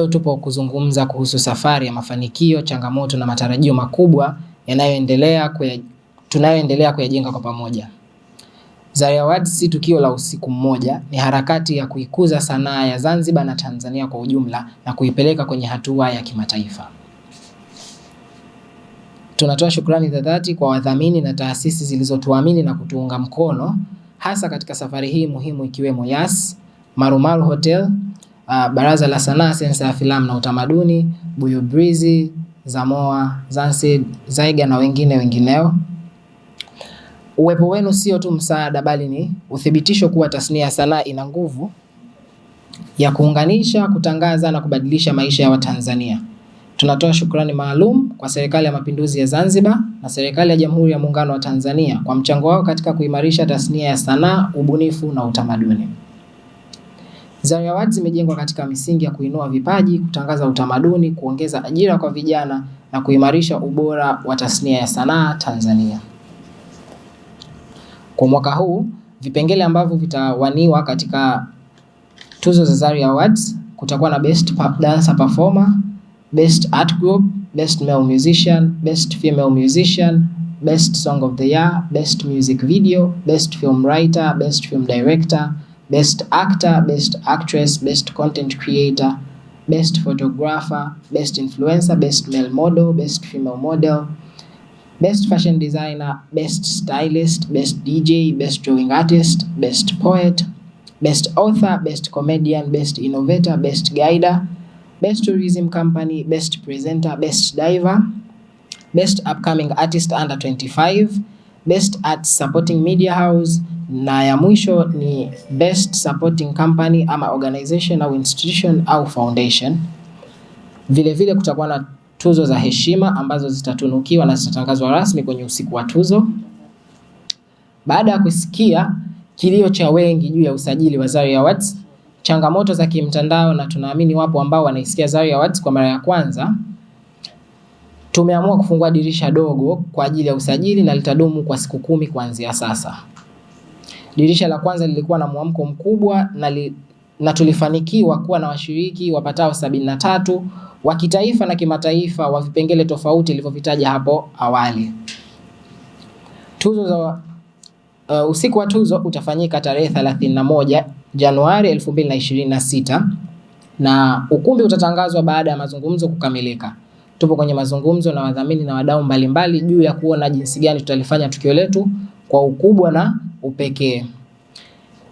Leo tupo kuzungumza kuhusu safari ya mafanikio, changamoto na matarajio makubwa yanayoendelea kuya, tunayoendelea kuyajenga kwa pamoja. Zari Awards si tukio la usiku mmoja, ni harakati ya kuikuza sanaa ya Zanzibar na Tanzania kwa ujumla na kuipeleka kwenye hatua ya kimataifa. Tunatoa shukrani za dhati kwa wadhamini na taasisi zilizotuamini na kutuunga mkono hasa katika safari hii muhimu ikiwemo Yas, Marumaru Hotel uh, Baraza la Sanaa, Sensa ya Filamu na Utamaduni, Buyu Breezy, Zamoa, Zansid, Zaiga na wengine wengineo. Uwepo wenu sio tu msaada, bali ni uthibitisho kuwa tasnia ya sanaa ina nguvu ya kuunganisha, kutangaza na kubadilisha maisha ya Watanzania. Tunatoa shukrani maalum kwa Serikali ya Mapinduzi ya Zanzibar na Serikali ya Jamhuri ya Muungano wa Tanzania kwa mchango wao katika kuimarisha tasnia ya sanaa, ubunifu na utamaduni. Zaria Awards zimejengwa katika misingi ya kuinua vipaji, kutangaza utamaduni, kuongeza ajira kwa vijana na kuimarisha ubora wa tasnia ya sanaa Tanzania. Kwa mwaka huu, vipengele ambavyo vitawaniwa katika tuzo za Zaria Awards kutakuwa na best dancer performer, best art group, best male musician, best female musician, best song of the year, best music video, best film writer, best film director best actor, best actress, best content creator, best photographer, best influencer, best male model, best female model, best fashion designer, best stylist, best DJ, best drawing artist, best poet, best author, best comedian, best innovator, best guider, best tourism company, best presenter, best diver, best upcoming artist under 25 best at supporting media house, na ya mwisho ni best supporting company ama organization au institution au foundation. Vilevile vile kutakuwa na tuzo za heshima ambazo zitatunukiwa na zitatangazwa rasmi kwenye usiku wa tuzo. Baada ya kusikia kilio cha wengi juu ya usajili wa Zari Awards, changamoto za kimtandao, na tunaamini wapo ambao wanaisikia Zari Awards kwa mara ya kwanza tumeamua kufungua dirisha dogo kwa ajili ya usajili na litadumu kwa siku kumi kuanzia sasa. Dirisha la kwanza lilikuwa na mwamko mkubwa na, li, na tulifanikiwa kuwa na washiriki wapatao sabini na tatu wa kitaifa na kimataifa wa vipengele tofauti ilivyovitaja hapo awali. Tuzo za uh, usiku wa tuzo utafanyika tarehe 31 Januari 2026 na ukumbi utatangazwa baada ya mazungumzo kukamilika tupo kwenye mazungumzo na wadhamini na wadau mbalimbali juu ya kuona jinsi gani tutalifanya tukio letu kwa ukubwa na upekee.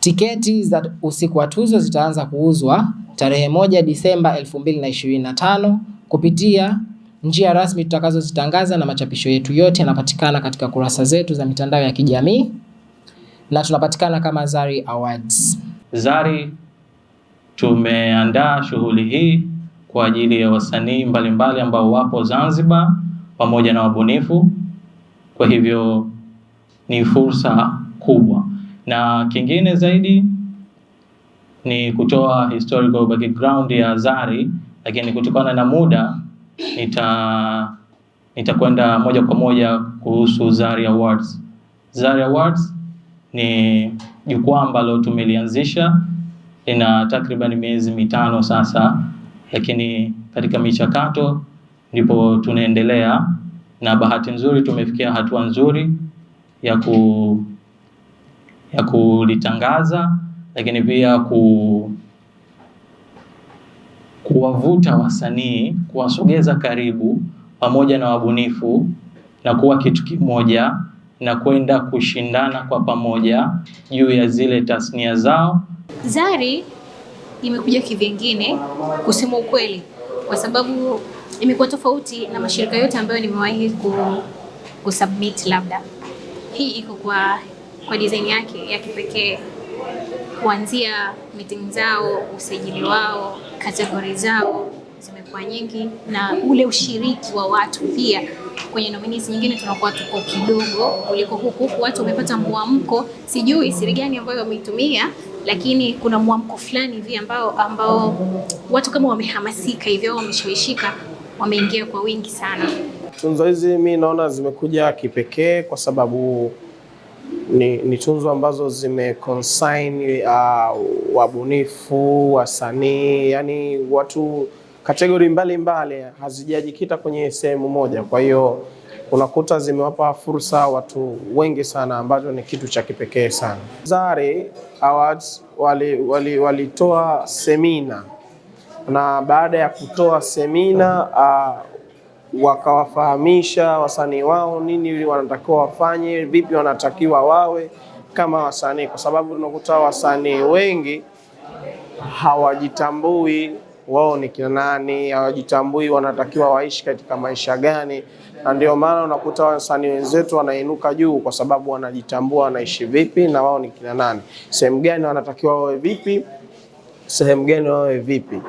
Tiketi za usiku wa tuzo zitaanza kuuzwa tarehe moja Disemba 2025 kupitia njia rasmi tutakazozitangaza na machapisho yetu yote yanapatikana katika kurasa zetu za mitandao ya kijamii na tunapatikana kama Zari Awards. Zari tumeandaa shughuli hii kwa ajili ya wasanii mbalimbali ambao wapo Zanzibar pamoja na wabunifu. Kwa hivyo ni fursa kubwa, na kingine zaidi ni kutoa historical background ya Zari, lakini kutokana na muda nita nitakwenda moja kwa moja kuhusu Zari Awards. Zari Awards ni jukwaa ambalo tumelianzisha, lina takriban miezi mitano sasa lakini katika michakato ndipo tunaendelea, na bahati nzuri tumefikia hatua nzuri ya ku ya kulitangaza, lakini pia ku kuwavuta wasanii, kuwasogeza karibu pamoja na wabunifu na kuwa kitu kimoja na kwenda kushindana kwa pamoja juu ya zile tasnia zao. Zari imekuja kivingine, kusema ukweli, kwa sababu imekuwa tofauti na mashirika yote ambayo nimewahi ku, kusubmit. Labda hii iko kwa, kwa design yake ya kipekee, kuanzia meeting zao, usajili wao, kategori zao zimekuwa nyingi, na ule ushiriki wa watu pia kwenye nominees nyingine tunakuwa tuko kidogo kuliko huku. Watu wamepata mwamko, sijui siri gani ambayo wameitumia lakini kuna mwamko fulani hivi ambao ambao watu kama wamehamasika hivyo, wameshawishika, wameingia kwa wingi sana. Tunzo hizi mi naona zimekuja kipekee kwa sababu ni, ni tunzo ambazo zime consign uh, wabunifu, wasanii, yani watu kategori mbalimbali, hazijajikita kwenye sehemu moja, kwa hiyo unakuta zimewapa fursa watu wengi sana, ambacho ni kitu cha kipekee sana. Zari Awards walitoa wali, wali semina na baada ya kutoa semina uh, wakawafahamisha wasanii wao nini wanatakiwa wafanye, vipi wanatakiwa wawe kama wasanii, kwa sababu tunakuta wasanii wengi hawajitambui wao ni kina nani, hawajitambui wanatakiwa waishi katika maisha gani. Na ndio maana unakuta wasanii wenzetu wanainuka juu kwa sababu wanajitambua wanaishi vipi na wao ni kina nani, sehemu gani wanatakiwa wawe vipi, sehemu gani wawe vipi.